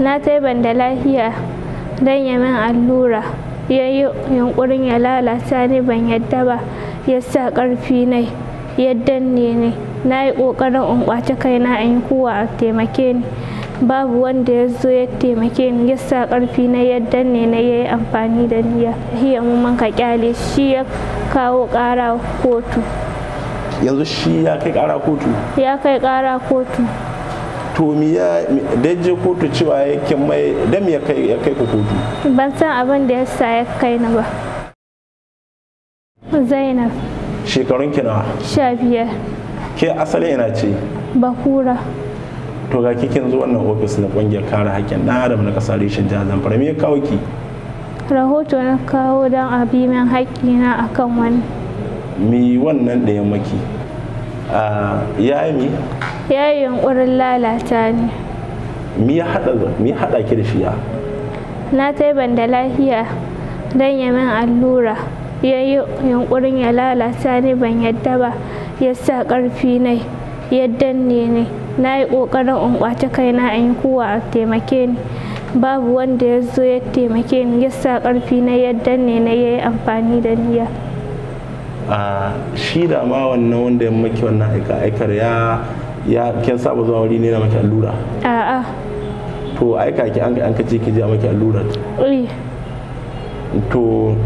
na tai ban da lafiya don ya min allura ya yi yunƙurin ya lalata ni ban yadda ba ya sa ƙarfi ne ya danne ne, na yi ƙoƙarin in ƙwace kaina in yi kowa a taimake ni babu wanda ya zo ya taimake ni ya sa ƙarfi na ya danne na ya yi amfani da niya hiya mun ka kyale shi ya kawo ƙara kotu yanzu shi ya kai ƙara kotu ya kai ƙara kotu to miya ya je kotu cewa yake mai dam ya kai ya kai kotu ban san abin da yasa ya kai na ba Zainab shekarun ki nawa sha biyar ke asali ina ce bakura to ga kikin zo wannan ofis na kungiyar kare haƙƙin dan adam na ƙasar rishin jihar fara me ya kawo ki rahoto na kawo dan don abimin haƙƙina akan wani mi wannan da ya maki ah, ya mi ya yi yunkurin lalata ni me ya haɗa ki da shi ya na taiban da lahiya don ya min allura ya yi yunkurin ya lalata ni ban yadda ba ya sa ƙarfi ne ya danne ne, na yi ƙoƙarin in ƙwace kaina in yi kowa a taimake ni babu wanda ya zo ya taimake ni ya sa ƙarfi na ya danne na ya yi amfani da niyya a ah, shi da ma wannan wanda ya maki wannan aika aikar ya ya kin saba zuwa wuri ne na maki allura a'a to aika ki an an kace ki je maki allura to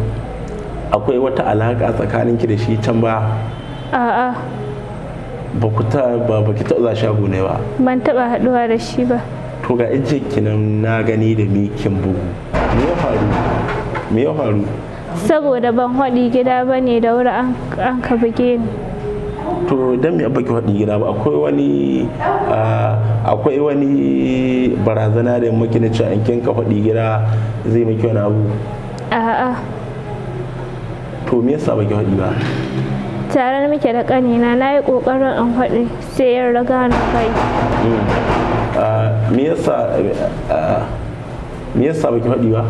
akwai wata alaka tsakanin ki da shi can ba a'a ba ku ta ba ba ki taɓa shago ne ba ban taɓa haɗuwa da shi ba to ga ije kinan na gani da kin bugu me ya faru me ya faru saboda ban haɗi gida bane da wuri an ka buge ni to dan me baki faɗin gida ba akwai wani akwai wani barazana da maki na cewa in ka faɗi gida zai maki wani abu a'a to me yasa baki faɗi ba tare muke da kanina na yi kokarin an faɗi sai ya raga na kai mm. me yasa me yasa baki faɗi ba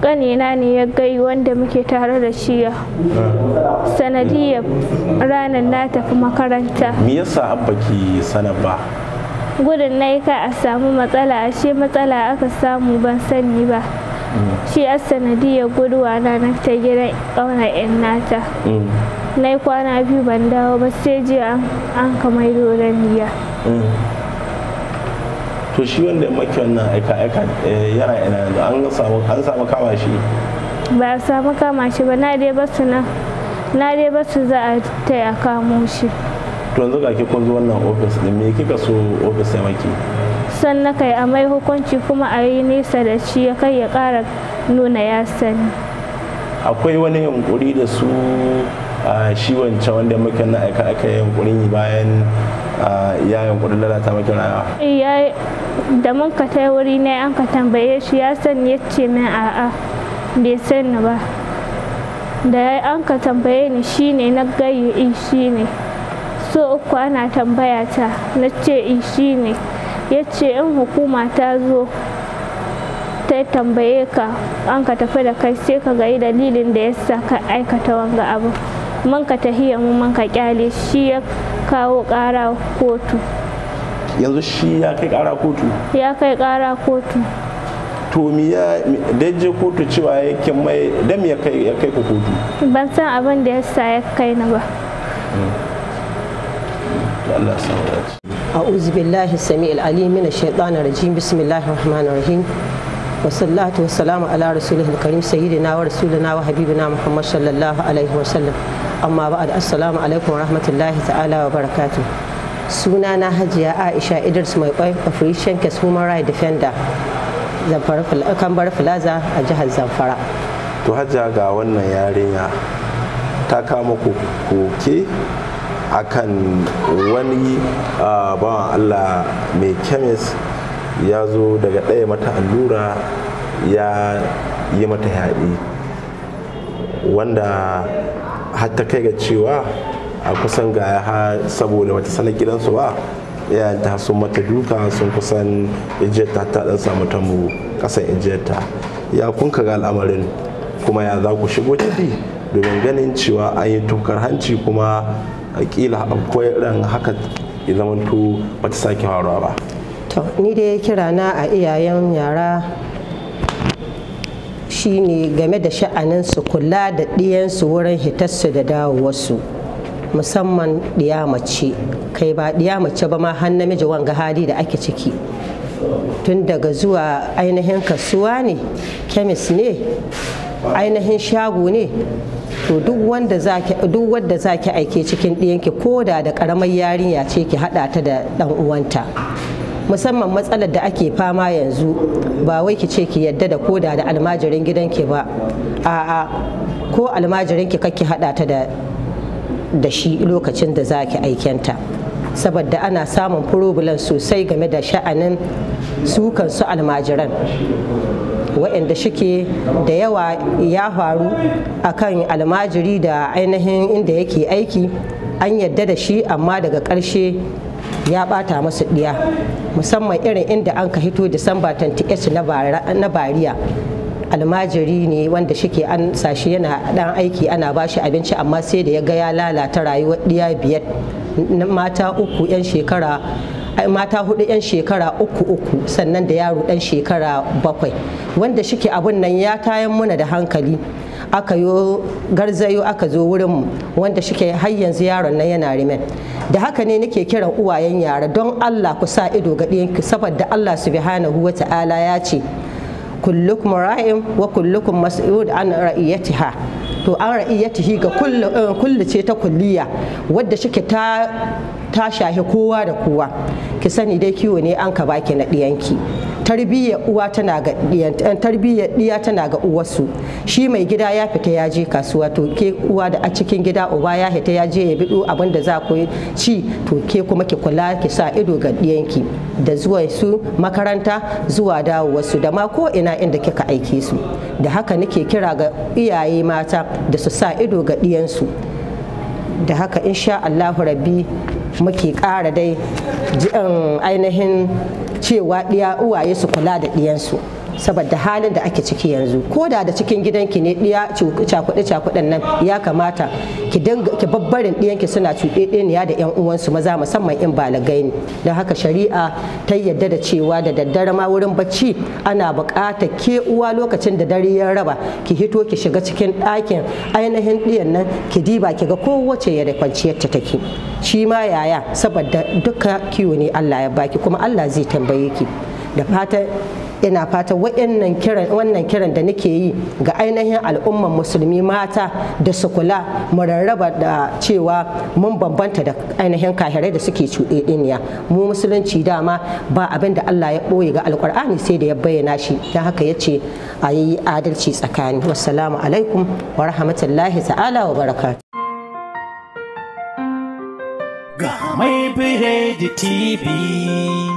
ƙanina ne ya gai wanda muke tare da shi ya sanadiyar ranar na tafi makaranta me yasa abba ki sanar ba gudun na ka a samu matsala ashe matsala aka samu ban sani ba mm. shi a sanadiyar guduwa na na ta gidan ƙauna yan nata mm. na kwana biyu ban dawo ba sai jiya an kamar dole niya mm. to shi wanda ya maki wannan aika aika eh, yana ina yanzu an samu an samu kama shi ba a samu kama shi ba na dai su na na dai su za a taya kamo shi to yanzu ga ki kun zo wannan ofis din me kika so ofis ya maki na kai a mai hukunci kuma a yi nesa da shi ya kai ya kara nuna ya sani akwai wani yunkuri da su a shi wancan wanda maki na aika aka yi yunkurin bayan ya kudin lalata maki rayuwa iya eh, da mun ka tai wuri ne an ka tambaye shi ya sani ya ce min a'a bai sani ba da an ka tambaye ni shine na gayi shine so uku ana tambaya ta na ce shine ya ce in hukuma ta zo ta tambaye ka an ka tafi da kai sai ka gayi dalilin da ya sa ka aikata wanga abu man ka tahiya mu man ka kyale shi ya kawo ƙara kotu yanzu shi ya kai ƙara kotu ya kai ƙara kotu to mi ya daje kotu cewa yake mai dam ya kai ya kai kotu ban san abin da ya sa ya kai na ba a ya sa A'udhu billahi samiil alim minash shaitanir rajim bismillahir rahmanir rahim wasallatu wassalamu ala rasulihil karim sayyidina wa rasulina wa habibina muhammad sallallahu alaihi wa sallam amma ba'ad assalamu alaikum wa rahmatullahi ta'ala wa barakatuh na hajiya aisha idris mai kwai operation kes human right defender zamfara kambar plaza a jihar zamfara to Hajiya ga wannan yarinya ta kama koke akan wani ah, bawan allah mai kemis ya zo daga ɗaya mata allura ya yi mata yaɗi wanda har ta kai ga cewa a kusan ga ha saboda wata sanar gidansu ba ta sun mata duka sun kusan ijiyarta ta ɗan samu ta mu kasan ijiyarta ya kunka ga al'amarin kuma ya za ku shigo ciki domin ganin cewa an yi tukar hanci kuma a kila akwai ran haka ya zamanto bata sake faruwa ba to ni dai kira na a iyayen yara shi ne game da sha'anin su kula da ɗiyansu wurin hitarsu da dawowarsu musamman ɗiya mace kai ba ɗiya mace ba ma har namiji wanga hali da ake ciki tun daga zuwa ainihin kasuwa ne kemis ne ainihin shago ne to duk wanda za ki wanda aike cikin ɗiyanki ko da da ƙaramar yarinya ce ki haɗa ta da ɗan uwanta musamman matsalar da ake fama yanzu ba wai ki ce ki yadda da koda da almajirin gidanki ba a'a ko almajirin ki kake hada ta da shi lokacin da za ki aikenta saboda ana samun furobulan sosai game da sha'anin sukan su almajiran wa'anda shike da yawa ya faru akan almajiri da ainihin inda yake aiki an yadda da shi amma daga ƙarshe ya bata masu ɗiya musamman irin inda an ka hito disamba 28 na bariya almajiri ne wanda shike an sashi yana dan aiki ana bashi abinci amma sai da ya ga ya lalata rayuwar ɗiya biyar mata uku 'yan shekara mata hudu 'yan shekara uku uku sannan da yaro dan shekara bakwai wanda shike abun nan ya tayan muna da hankali aka yo garzayo aka zo wurin wanda shike har yanzu yaron nan yana rimen da haka ne nake kiran uwayen yara don Allah ku sa ido ga ɗiyanki saboda Allah subhanahu wa ta'ala ya ce kullukum ra'im wa kullukum mas'ud an ra'iyatiha to an ra'iyatihi ga eh, kullu ce ta kulliya wadda shike ta ta shahi kowa da kowa ki sani dai kiwo ne an ka baki na ɗiyanki tarbiyyar uwa tana ga eh, tarbiyyar ɗiya tana ga uwarsu shi mai gida ya fita ya je kasuwa to ke uwa da a cikin gida uba ya fita ya je ya bi abin da za ku ci to ke kuma ki kula ki sa ido ga diyanki da zuwa su makaranta zuwa dawowarsu da ma ko ina inda kika aike su da haka nake kira ga iyaye mata da su sa ido ga diyansu da haka insha Allahu rabbi muke ƙara dai um, ainihin cewa ɗiya uwaye su kula da ɗiyansu saboda halin da ake ciki yanzu ko da da cikin gidanki ne ɗiya cakuɗe cakuɗen nan ya kamata ki babbarin ɗiyanki suna cuɗeɗeniya da yan uwansu maza musamman in balagai ne don haka shari'a ta yadda da cewa da daddare ma wurin bacci ana buƙatar ke uwa lokacin da dare ya raba ki hito ki shiga cikin ɗakin ainihin ɗiyan nan ki diba ki ga kowace ya da kwanciyar ta take shi ma yaya saboda duka kiwo ne Allah ya baki kuma Allah zai tambaye ki da fatan ina fata wa'annan kiran wannan kiran da nake yi ga ainihin al'umman musulmi mata da su kula mu rarraba da cewa mun bambanta da ainihin kahirai da suke cuɗeɗiniya mu musulunci dama ba abin da Allah ya ɓoye ga alƙur'ani sai da ya bayyana shi don haka yace ce a yi adalci tsakani wassalamu alaikum wa rahmatullahi ta'ala wa barakatu ga mai biredi tv